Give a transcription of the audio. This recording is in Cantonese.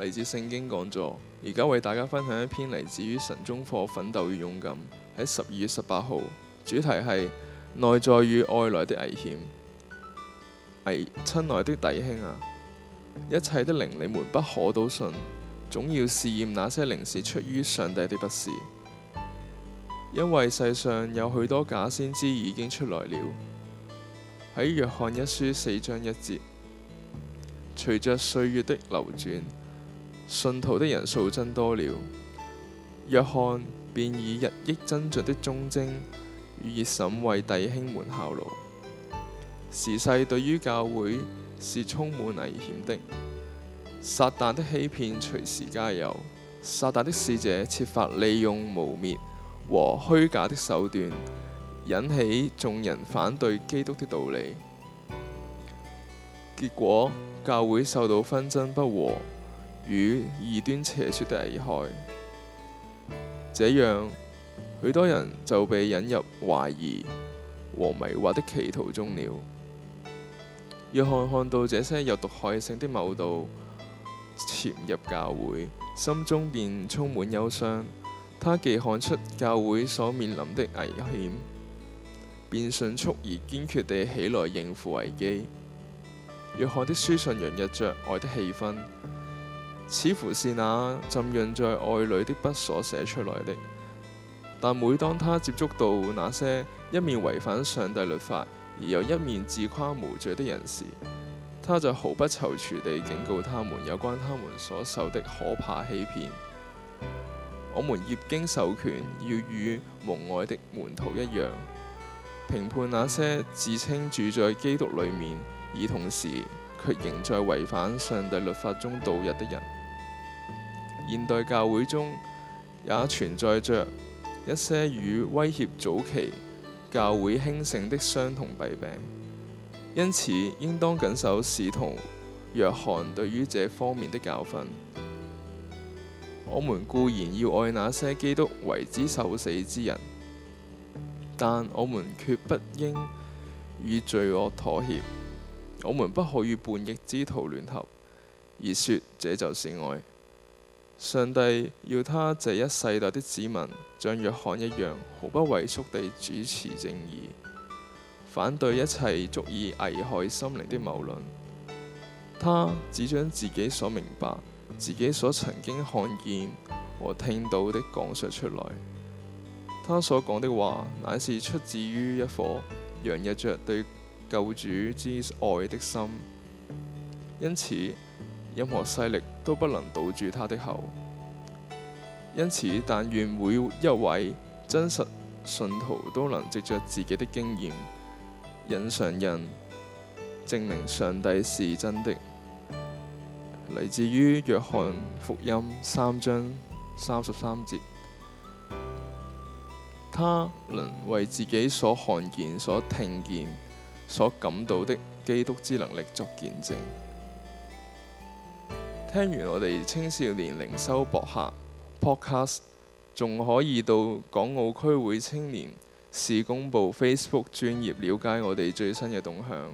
嚟自聖經講座，而家為大家分享一篇嚟自於神中課《奮鬥與勇敢》。喺十二月十八號，主題係內在與外來的危險。危，親愛的弟兄啊，一切的靈你們不可都信，總要試驗那些靈是出於上帝的不是，因為世上有許多假先知已經出來了。喺約翰一書四章一節，隨着歲月的流轉。信徒的人數增多了，約翰便以日益增進的忠貞與熱忱為弟兄們效勞。時勢對於教會是充滿危險的，撒旦的欺騙隨時皆有。撒旦的使者設法利用污衊和虛假的手段，引起眾人反對基督的道理。結果，教會受到紛爭不和。與異端邪說的危害，這樣許多人就被引入懷疑和迷惑的歧途中了。約翰看到這些有毒害性的謬道潛入教會，心中便充滿憂傷。他既看出教會所面臨的危險，便迅速而堅決地起來應付危機。約翰的書信洋溢着愛的氣氛。似乎是那浸潤在愛裏的筆所寫出來的，但每當他接觸到那些一面違反上帝律法而又一面自誇無罪的人時，他就毫不躊躇地警告他們有關他們所受的可怕欺騙。我們業經授權要與蒙愛的門徒一樣評判那些自稱住在基督裏面而同時卻仍在違反上帝律法中度日的人。現代教會中也存在着一些與威脅早期教會興盛的相同弊病，因此應當緊守使徒約翰對於這方面的教訓。我們固然要愛那些基督為之受死之人，但我們決不應與罪惡妥協。我們不可與叛逆之徒聯合，而説這就是愛。上帝要他這一世代的子民像約翰一樣毫不畏縮地主持正義，反對一切足以危害心靈的謬論。他只將自己所明白、自己所曾經看見和聽到的講述出來，他所講的話乃是出自於一顆洋溢着對救主之愛的心，因此，任何勢力都不能堵住他的口，因此，但願每一位真實信徒都能藉著自己的經驗引上人證明上帝是真的。來自於約翰福音三章三十三節，他能為自己所看見、所聽見、所感到的基督之能力作見證。聽完我哋青少年靈修博客 Podcast，仲可以到港澳區會青年事工部 Facebook 專頁了解我哋最新嘅動向。